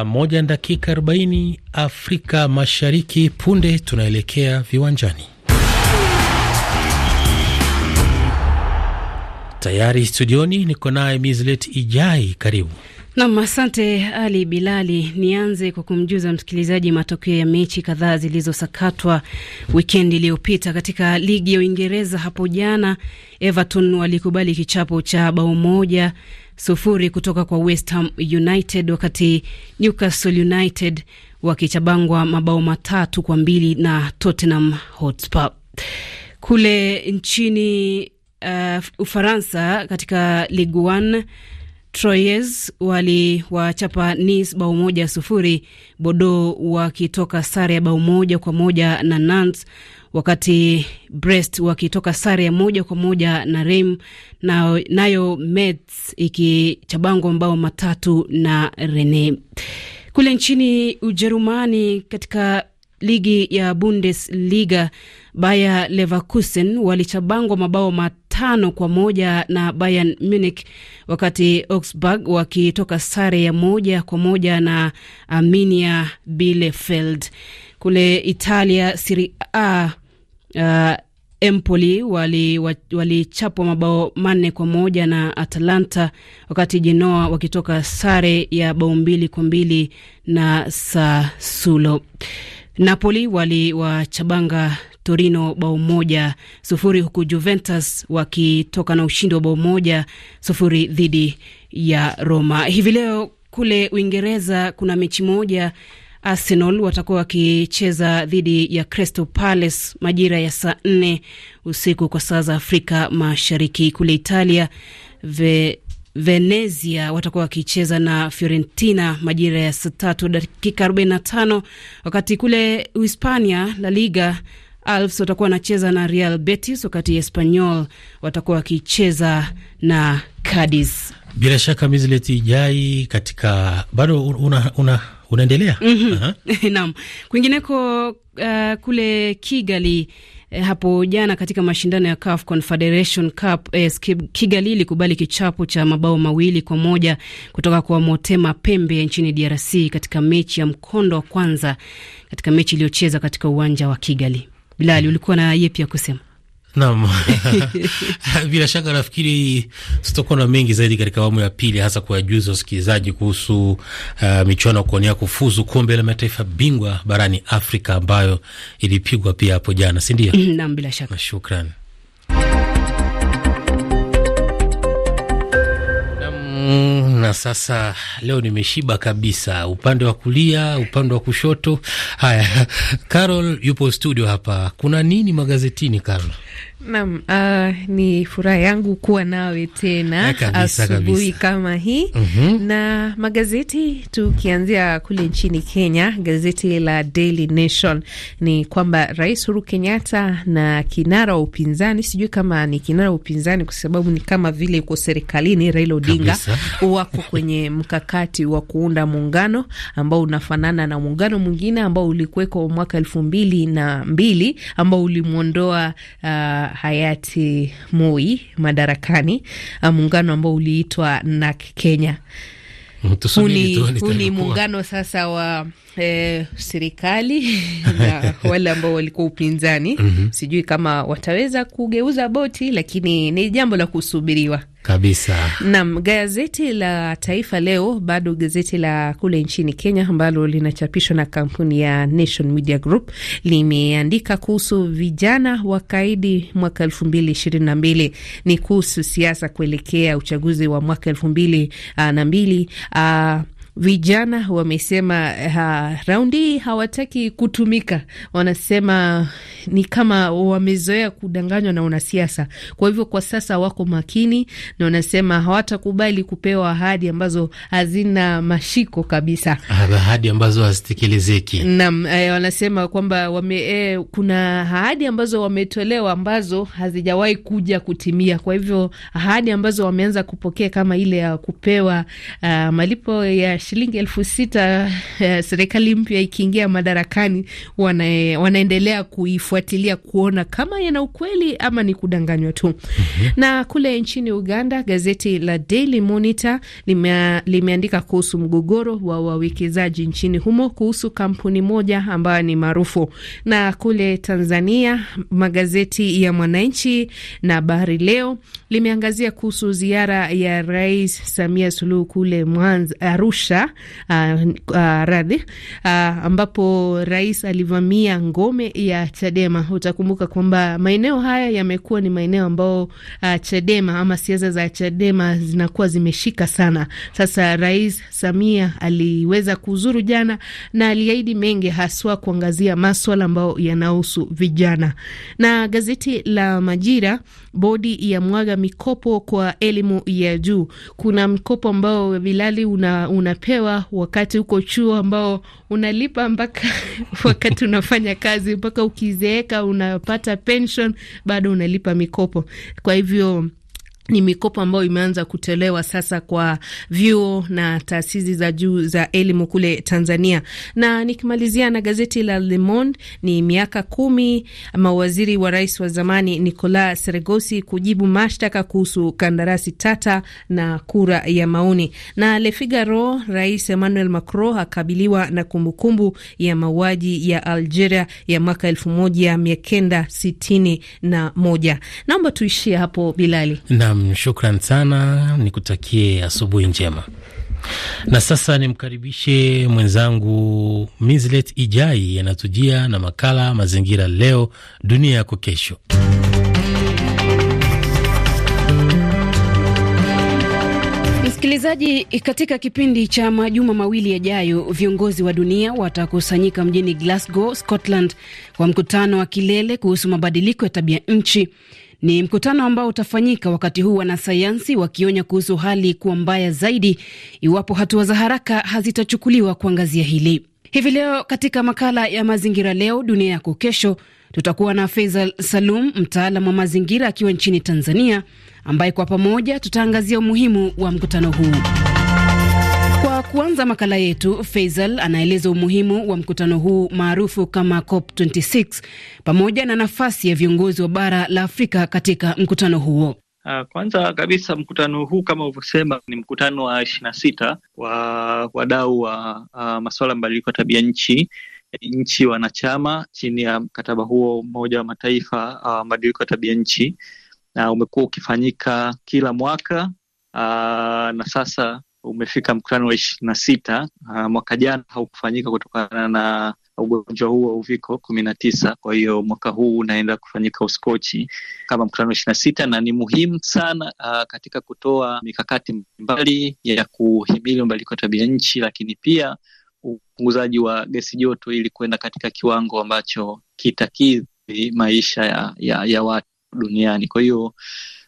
Saa moja na dakika 40 Afrika Mashariki. Punde tunaelekea viwanjani. Tayari studioni niko naye Mislet Ijai, karibu nam. Asante Ali Bilali. Nianze kwa kumjuza msikilizaji matokeo ya mechi kadhaa zilizosakatwa wikendi iliyopita katika ligi ya Uingereza. Hapo jana Everton walikubali kichapo cha bao moja sufuri kutoka kwa West Ham United, wakati Newcastle United wakichabangwa mabao matatu kwa mbili na Tottenham Hotspur. Kule nchini uh, Ufaransa, katika Ligue 1 Troyes waliwachapa Nice bao moja sufuri, Bordeaux wakitoka sare ya bao moja kwa moja na Nantes wakati Brest wakitoka sare ya moja kwa moja na Rem na nayo Metz ikichabangwa mabao matatu na Rene. Kule nchini Ujerumani katika ligi ya Bundesliga Bayer Leverkusen walichabangwa mabao matano kwa moja na Bayern Munich, wakati Augsburg wakitoka sare ya moja kwa moja na Arminia Bielefeld. Kule Italia, Serie A uh, Empoli walichapwa wali mabao manne kwa moja na Atalanta, wakati Genoa wakitoka sare ya bao mbili kwa mbili na Sassuolo. Napoli waliwachabanga Torino bao moja sufuri huku Juventus wakitoka na ushindi wa bao moja sufuri dhidi ya Roma. Hivi leo kule Uingereza kuna mechi moja Arsenal watakuwa wakicheza dhidi ya Crystal Palace majira ya saa nne usiku kwa saa za Afrika Mashariki. Kule Italia ve Venezia watakuwa wakicheza na Fiorentina majira ya saa tatu dakika 45, wakati kule Uhispania La Liga Alves watakuwa wanacheza na Real Betis, wakati Espanyol watakuwa wakicheza na Cadiz. Bila shaka mizileti ijai katika bado una, una unaendelea mm -hmm. Naam, kwingineko uh, kule Kigali eh, hapo jana katika mashindano ya CAF Confederation Cup eh, Kigali ilikubali kichapo cha mabao mawili kwa moja kutoka kwa Motema Pembe nchini DRC katika mechi ya mkondo wa kwanza katika mechi iliyocheza katika uwanja wa Kigali. Bilali, ulikuwa na yepi ya kusema? Naam. Bila shaka nafikiri tutakuwa na mengi zaidi katika awamu ya pili, hasa kuwajuza wasikilizaji kuhusu uh, michuano ya kuonea kufuzu kombe la mataifa bingwa barani Afrika ambayo ilipigwa pia hapo jana, si ndio? Naam, bila shaka. Shukrani. Mm, na sasa leo nimeshiba kabisa, upande wa kulia, upande wa kushoto. Haya, Carol yupo studio hapa. Kuna nini magazetini, Carol? Naam, uh, ni furaha yangu kuwa nawe tena eh, asubuhi kama hii mm -hmm. Na magazeti tukianzia kule nchini Kenya, gazeti la Daily Nation ni kwamba Rais Uhuru Kenyatta na kinara wa upinzani, sijui kama ni kinara wa upinzani kwa sababu ni kama vile yuko serikalini, Raila Odinga wako kwenye mkakati wa kuunda muungano ambao unafanana na muungano mwingine ambao ulikuweko mwaka elfu mbili na mbili ambao ulimwondoa uh, hayati Moi madarakani, uh, muungano ambao uliitwa NAK Kenya. Huu ni muungano sasa wa e, serikali na wale ambao walikuwa upinzani. mm -hmm. Sijui kama wataweza kugeuza boti, lakini ni jambo la kusubiriwa kabisa. Naam, gazeti la Taifa Leo, bado gazeti la kule nchini Kenya ambalo linachapishwa na kampuni ya Nation Media Group limeandika kuhusu vijana wa kaidi mwaka elfu mbili ishirini na mbili. Ni kuhusu siasa kuelekea uchaguzi wa mwaka elfu mbili ah, na mbili. Ah, Vijana wamesema eh, ha, raundi hawataki kutumika, wanasema ni kama wamezoea kudanganywa na wanasiasa. Kwa hivyo kwa sasa wako makini na wanasema hawatakubali kupewa ahadi ambazo hazina mashiko kabisa, ah, ahadi ambazo hazitekelezeki. Naam, e, wanasema kwamba wame, e, kuna ahadi ambazo wametolewa ambazo hazijawahi kuja kutimia. Kwa hivyo ahadi ambazo wameanza kupokea kama ile ya kupewa uh, malipo ya shilingi elfu sita eh, serikali mpya ikiingia madarakani wana, wanaendelea kuifuatilia kuona kama yana ukweli ama ni kudanganywa tu. mm -hmm. Na kule nchini Uganda gazeti la Daily Monitor limea, limeandika kuhusu mgogoro wa wawekezaji nchini humo kuhusu kampuni moja ambayo ni maarufu. Na kule Tanzania magazeti ya Mwananchi na Habari Leo limeangazia kuhusu ziara ya Rais Samia Suluhu kule Mwanza, Arusha Arusha uh, ah, uh, ah, radhi uh, ambapo rais alivamia ngome ya Chadema. Utakumbuka kwamba maeneo haya yamekuwa ni maeneo ambao uh, Chadema ama siasa za Chadema zinakuwa zimeshika sana. Sasa Rais Samia aliweza kuzuru jana na aliahidi mengi, haswa kuangazia maswala ambayo yanahusu vijana. Na gazeti la Majira, bodi ya mwaga mikopo kwa elimu ya juu. Kuna mkopo ambao vilali una, una unapewa wakati uko chuo ambao unalipa mpaka wakati unafanya kazi mpaka ukizeeka unapata pension, bado unalipa mikopo. Kwa hivyo ni mikopo ambayo imeanza kutolewa sasa kwa vyuo na taasisi za juu za elimu kule Tanzania. Na nikimalizia na gazeti la Le Monde, ni miaka kumi mawaziri wa rais wa zamani Nicolas Sergosi kujibu mashtaka kuhusu kandarasi tata na kura ya maoni. Na Le Figaro, rais Emmanuel Macron akabiliwa na kumbukumbu ya mauaji ya Algeria ya mwaka elfu moja mia kenda sitini na moja. Naomba tuishie hapo Bilali. Naam. Nam, shukran sana, nikutakie asubuhi njema. Na sasa nimkaribishe mwenzangu Mislet Ijai, anatujia na makala Mazingira Leo Dunia Yako Kesho. Msikilizaji, katika kipindi cha majuma mawili yajayo, viongozi wa dunia watakusanyika mjini Glasgow, Scotland, kwa mkutano wa kilele kuhusu mabadiliko ya tabia nchi. Ni mkutano ambao utafanyika wakati huu, wanasayansi wakionya kuhusu hali kuwa mbaya zaidi iwapo hatua za haraka hazitachukuliwa kuangazia hili. Hivi leo katika makala ya mazingira leo dunia yako kesho, tutakuwa na Faisal Salum, mtaalam wa mazingira akiwa nchini Tanzania, ambaye kwa pamoja tutaangazia umuhimu wa mkutano huu. Kuanza makala yetu, Faisal anaeleza umuhimu wa mkutano huu maarufu kama COP26 pamoja na nafasi ya viongozi wa bara la Afrika katika mkutano huo. Ah, kwanza kabisa mkutano huu kama ulivyosema ni mkutano wa ishirini na sita wa wadau wa ah, masuala mabadiliko ya tabia nchi nchi wanachama chini ya mkataba huo Umoja wa Mataifa wa uh, mabadiliko ya tabia nchi, na ah, umekuwa ukifanyika kila mwaka uh, na sasa umefika mkutano wa ishirini na sita ah, mwaka jana haukufanyika kutokana na ugonjwa huu wa uviko kumi na tisa. Kwa hiyo mwaka huu unaenda kufanyika Uskochi kama mkutano wa ishirini na sita na ni muhimu sana uh, katika kutoa mikakati mbalimbali ya kuhimili mabadiliko ya tabia nchi, lakini pia upunguzaji wa gesi joto ili kuenda katika kiwango ambacho kitakidhi maisha ya, ya, ya watu duniani. Kwa hiyo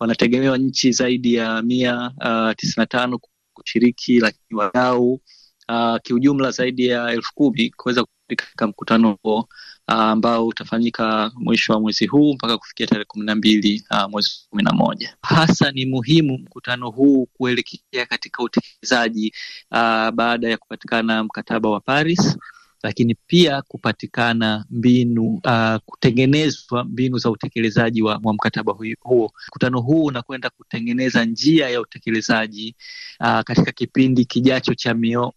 wanategemewa nchi zaidi ya mia uh, tisini na tano kushiriki, lakini wadau uh, kiujumla zaidi ya elfu kumi kuweza kushiriki katika mkutano huo ah, ambao utafanyika mwisho wa mwezi huu mpaka kufikia tarehe kumi na mbili uh, mwezi kumi na moja. Hasa ni muhimu mkutano huu kuelekea katika utekelezaji uh, baada ya kupatikana mkataba wa Paris lakini pia kupatikana mbinu uh, kutengenezwa mbinu za utekelezaji wa, wa mkataba huo. Mkutano huu unakwenda kutengeneza njia ya utekelezaji uh, katika kipindi kijacho cha miongo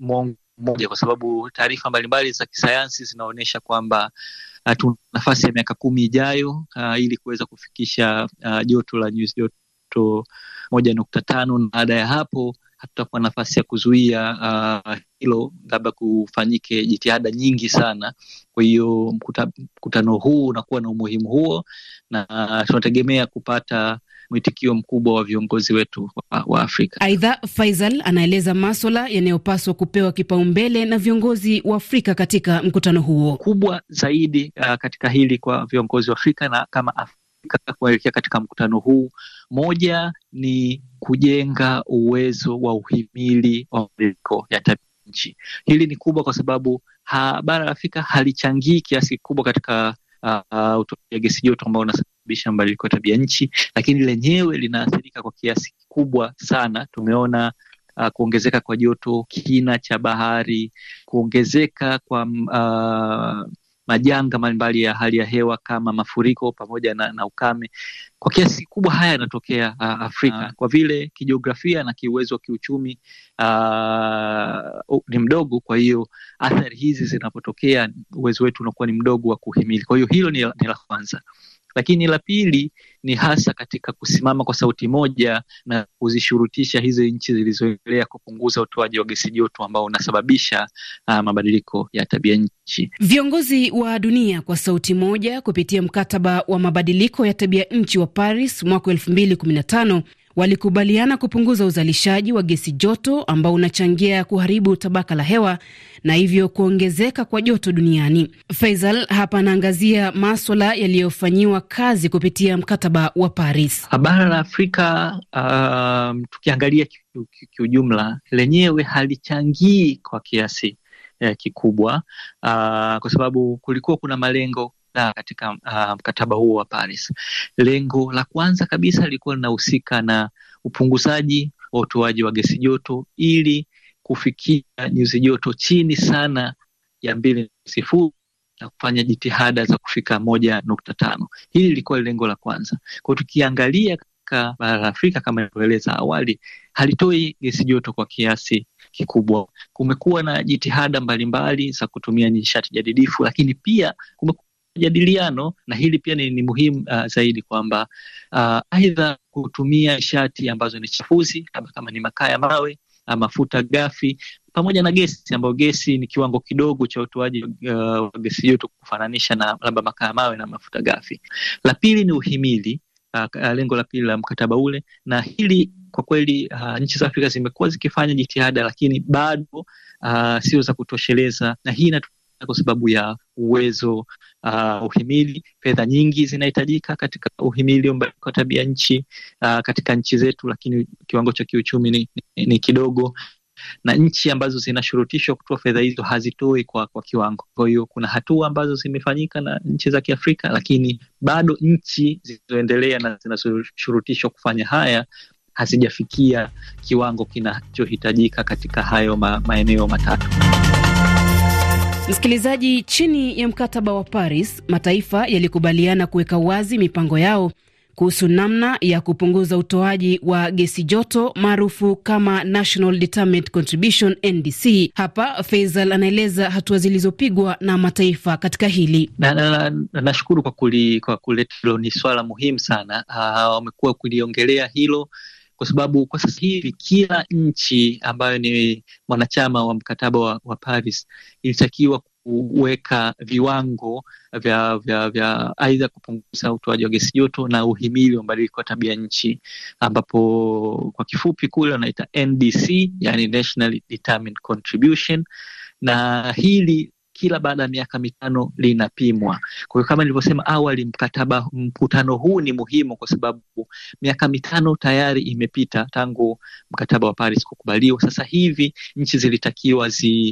mmoja, kwa sababu taarifa mbalimbali za kisayansi zinaonyesha kwamba uh, tuna nafasi ya miaka kumi ijayo uh, ili kuweza kufikisha uh, joto la nyuzi joto moja nukta tano na baada ya hapo hatutakuwa nafasi ya kuzuia uh, hilo, labda kufanyike jitihada nyingi sana. Kwa hiyo mkutano huu unakuwa na umuhimu huo, na tunategemea kupata mwitikio mkubwa wa viongozi wetu wa, wa Afrika. Aidha, Faisal anaeleza maswala yanayopaswa kupewa kipaumbele na viongozi wa Afrika katika mkutano huo kubwa zaidi uh, katika hili kwa viongozi wa Afrika na kama Afrika kuelekea katika mkutano huu. Moja ni kujenga uwezo wa uhimili wa mabadiliko ya tabia nchi. Hili ni kubwa kwa sababu ha, bara la Afrika halichangii kiasi kikubwa katika uh, utoaji wa gesi joto ambao unasababisha mabadiliko ya tabia nchi, lakini lenyewe linaathirika kwa kiasi kikubwa sana. Tumeona uh, kuongezeka kwa joto, kina cha bahari, kuongezeka kwa uh, majanga mbalimbali ya hali ya hewa kama mafuriko pamoja na, na ukame. Kwa kiasi kikubwa haya yanatokea uh, Afrika kwa vile kijiografia na kiuwezo wa kiuchumi uh, ni mdogo. Kwa hiyo athari hizi zinapotokea, uwezo wetu unakuwa ni mdogo wa kuhimili. Kwa hiyo hilo ni, ni la kwanza. Lakini la pili ni hasa katika kusimama kwa sauti moja na kuzishurutisha hizi nchi zilizoendelea kupunguza utoaji wa gesi joto ambao unasababisha uh, mabadiliko ya tabia nchi. Viongozi wa dunia kwa sauti moja kupitia mkataba wa mabadiliko ya tabia nchi wa Paris mwaka elfu mbili kumi na tano walikubaliana kupunguza uzalishaji wa gesi joto ambao unachangia kuharibu tabaka la hewa na hivyo kuongezeka kwa joto duniani. Faisal hapa anaangazia maswala yaliyofanyiwa kazi kupitia mkataba wa Paris. Bara la Afrika um, tukiangalia kiujumla, lenyewe halichangii kwa kiasi eh, kikubwa uh, kwa sababu kulikuwa kuna malengo na katika uh, mkataba huo wa Paris. Lengo la kwanza kabisa lilikuwa linahusika na upunguzaji wa utoaji wa gesi joto ili kufikia nyuzi joto chini sana ya mbili sifuri na kufanya jitihada za kufika moja nukta tano. Hili lilikuwa lengo la kwanza. kwao. tukiangalia katika bara la Afrika kama ilivyoeleza awali, halitoi gesi joto kwa kiasi kikubwa. Kumekuwa na jitihada mbalimbali za kutumia nishati jadidifu, lakini pia kumekuwa majadiliano, na hili pia ni, ni muhimu uh, zaidi kwamba uh, aidha kutumia shati ambazo ni chafuzi kama, kama ni makaa ya mawe uh, mafuta gafi pamoja na gesi ambayo gesi ni kiwango kidogo cha utoaji uh, wa uh, gesi joto kufananisha na labda makaa ya mawe na mafuta gafi La pili ni uhimili uh, uh, lengo la pili la mkataba ule, na hili kwa kweli uh, nchi za Afrika zimekuwa zikifanya jitihada, lakini bado uh, sio za kutosheleza, na hii inatokana kwa sababu ya uwezo uh, uhimili. Fedha nyingi zinahitajika katika uhimili wa tabia nchi uh, katika nchi zetu, lakini kiwango cha kiuchumi ni, ni, ni kidogo na nchi ambazo zinashurutishwa kutoa fedha hizo hazitoi kwa, kwa kiwango. Kwa hiyo kuna hatua ambazo zimefanyika na nchi za Kiafrika, lakini bado nchi zilizoendelea na zinashurutishwa kufanya haya hazijafikia kiwango kinachohitajika katika hayo ma, maeneo matatu. Msikilizaji, chini ya mkataba wa Paris, mataifa yalikubaliana kuweka wazi mipango yao kuhusu namna ya kupunguza utoaji wa gesi joto maarufu kama National Determined Contribution NDC. Hapa Faisal anaeleza hatua zilizopigwa na mataifa katika hili. Nashukuru na, na, na, na kwa hilo, ni swala muhimu sana. Ah, wamekuwa kuliongelea hilo kwa sababu kwa sasa hivi kila nchi ambayo ni mwanachama wa mkataba wa, wa Paris ilitakiwa kuweka viwango vya vya vya aidha kupunguza utoaji wa gesi joto na uhimili wa mabadiliko ya tabia nchi, ambapo kwa kifupi kule wanaita NDC, yani National Determined Contribution, na hili kila baada ya miaka mitano linapimwa. Kwa hiyo kama nilivyosema awali, mkataba mkutano huu ni muhimu kwa sababu miaka mitano tayari imepita tangu mkataba wa Paris kukubaliwa. Sasa hivi nchi zilitakiwa zitoe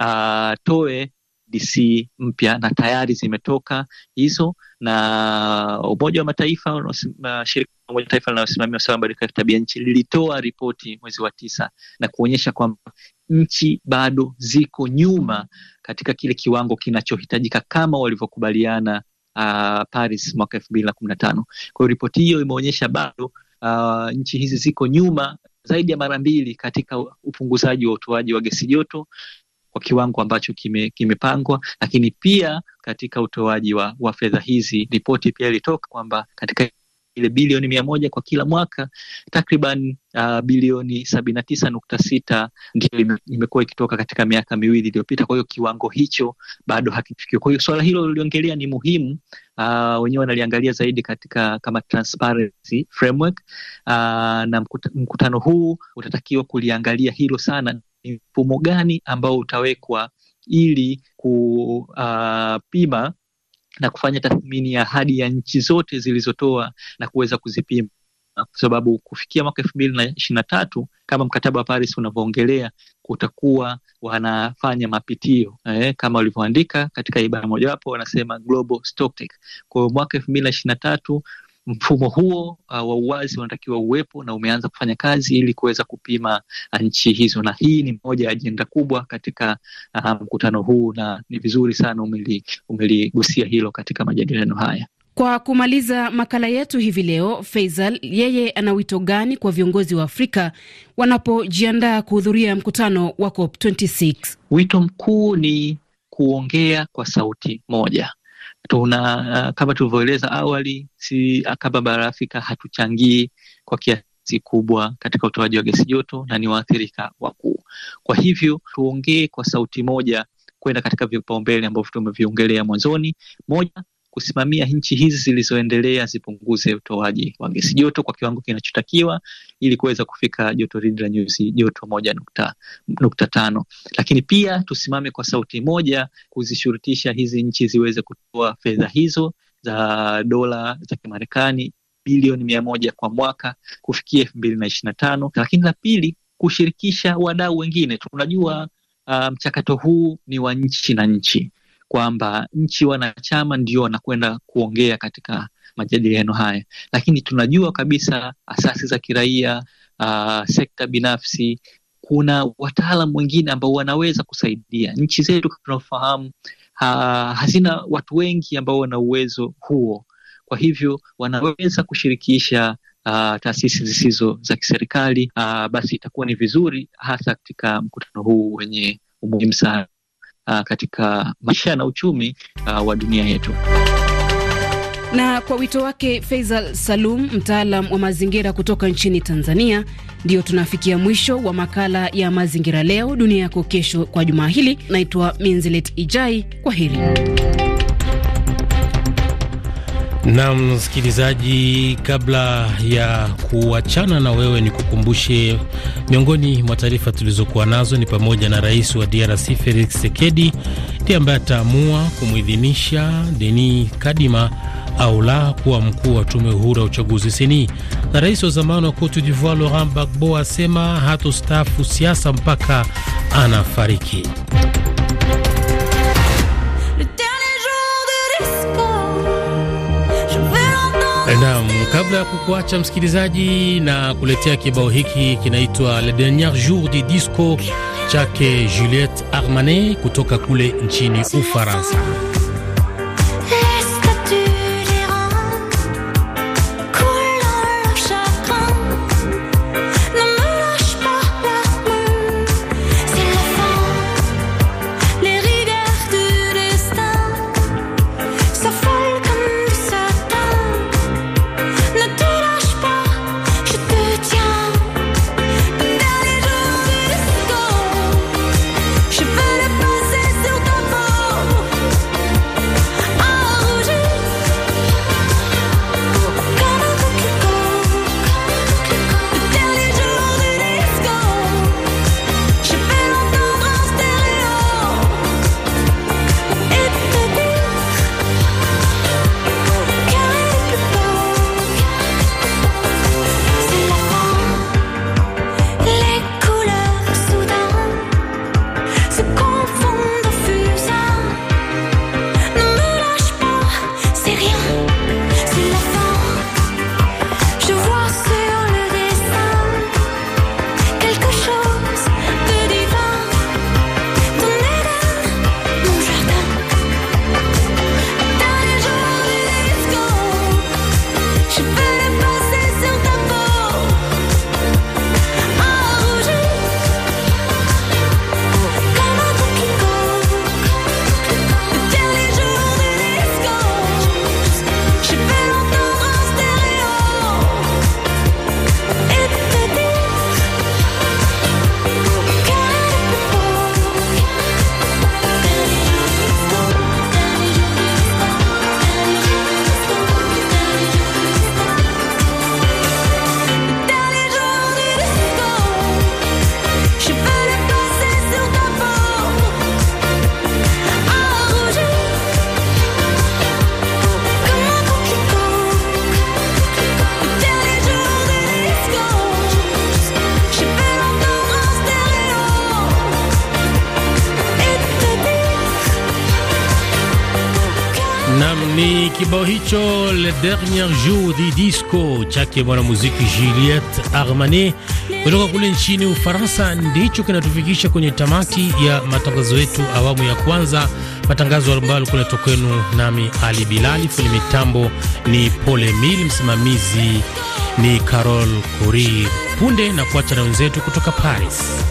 ah, uh, DC mpya na tayari zimetoka hizo, na Umoja wa Mataifa uh, shirika la Umoja wa Mataifa linalosimamia usawa wa mabadiliko ya tabia nchi lilitoa ripoti mwezi wa tisa na kuonyesha kwamba nchi bado ziko nyuma mm. katika kile kiwango kinachohitajika kama walivyokubaliana uh, Paris mwaka elfu mbili na kumi na tano. Kwa hiyo ripoti hiyo imeonyesha bado uh, nchi hizi ziko nyuma zaidi ya mara mbili katika upunguzaji wa utoaji wa gesi joto kwa kiwango ambacho kimepangwa kime, lakini pia katika utoaji wa, wa fedha hizi. Ripoti pia ilitoka kwamba katika ile bilioni mia moja kwa kila mwaka, takriban uh, bilioni sabini na tisa nukta sita ndio imekuwa ikitoka katika miaka miwili iliyopita. Kwa hiyo kiwango hicho bado hakifikiwa. Kwa hiyo swala hilo liliongelea ni muhimu, uh, wenyewe wanaliangalia zaidi katika kama transparency framework, uh, na mkuta, mkutano huu utatakiwa kuliangalia hilo sana, ni mfumo gani ambao utawekwa ili kupima uh, na kufanya tathmini ya ahadi ya nchi zote zilizotoa na kuweza kuzipima kwa sababu kufikia mwaka elfu mbili na ishirini na tatu kama mkataba wa Paris unavyoongelea kutakuwa wanafanya mapitio eh, kama walivyoandika katika ibara mojawapo wanasema global stocktake. Kwa hiyo mwaka elfu mbili na ishirini na tatu mfumo huo uh, wa uwazi unatakiwa uwepo na umeanza kufanya kazi ili kuweza kupima uh, nchi hizo, na hii ni moja ya ajenda kubwa katika uh, mkutano huu, na ni vizuri sana umeligusia hilo katika majadiliano haya. Kwa kumaliza makala yetu hivi leo, Faisal yeye ana wito gani kwa viongozi wa Afrika wanapojiandaa kuhudhuria mkutano wa COP 26? Wito mkuu ni kuongea kwa sauti moja tuna uh, kama tulivyoeleza awali, si uh, kama bara Afrika hatuchangii kwa kiasi kubwa katika utoaji wa gesi joto na ni waathirika wakuu. Kwa hivyo tuongee kwa sauti moja kwenda katika vipaumbele ambavyo tumeviongelea mwanzoni. Moja, kusimamia nchi hizi zilizoendelea zipunguze utoaji wa gesi joto kwa kiwango kinachotakiwa ili kuweza kufika joto ridi la nyuzi joto moja nukta, nukta tano. Lakini pia tusimame kwa sauti moja kuzishurutisha hizi nchi ziweze kutoa fedha hizo za dola za Kimarekani bilioni mia moja kwa mwaka kufikia elfu mbili na ishirini na tano. Lakini la pili kushirikisha wadau wengine. Tunajua uh, mchakato um, huu ni wa nchi na nchi kwamba nchi wanachama ndio wanakwenda kuongea katika majadiliano haya, lakini tunajua kabisa asasi za kiraia, uh, sekta binafsi, kuna wataalam wengine ambao wanaweza kusaidia. Nchi zetu tunafahamu, uh, hazina watu wengi ambao wana uwezo huo, kwa hivyo wanaweza kushirikisha Uh, taasisi zisizo za kiserikali uh, basi itakuwa ni vizuri hasa katika mkutano huu wenye umuhimu sana uh, katika maisha na uchumi uh, wa dunia yetu. Na kwa wito wake Faisal Salum, mtaalam wa mazingira kutoka nchini Tanzania, ndiyo tunafikia mwisho wa makala ya Mazingira Leo Dunia Yako Kesho kwa jumaa hili. Naitwa Minzilet Ijai, kwa heri. Na msikilizaji, kabla ya kuachana na wewe, ni kukumbushe miongoni mwa taarifa tulizokuwa nazo ni pamoja na rais wa DRC Felix Tshisekedi ndiye ambaye ataamua kumwidhinisha Denis Kadima au la kuwa mkuu wa tume uhuru ya uchaguzi seni, na rais wa zamani wa Cote d'Ivoire Laurent Gbagbo asema hatostaafu siasa mpaka anafariki. Naam, kabla ya kukuacha msikilizaji, na kuletea kibao hiki kinaitwa Le Dernier Jour du Disco chake Juliette Armanet kutoka kule nchini Ufaransa. kibao hicho Le Dernier Jour di Disco chake mwanamuziki Juliette armani kutoka kule nchini Ufaransa ndicho kinatufikisha kwenye tamati ya matangazo yetu awamu ya kwanza, matangazo ambayo alikuwa kwenu nami Ali Bilali. Kwenye mitambo ni Pole Mil, msimamizi ni Carol Kuri. Punde na kuacha na wenzetu kutoka Paris.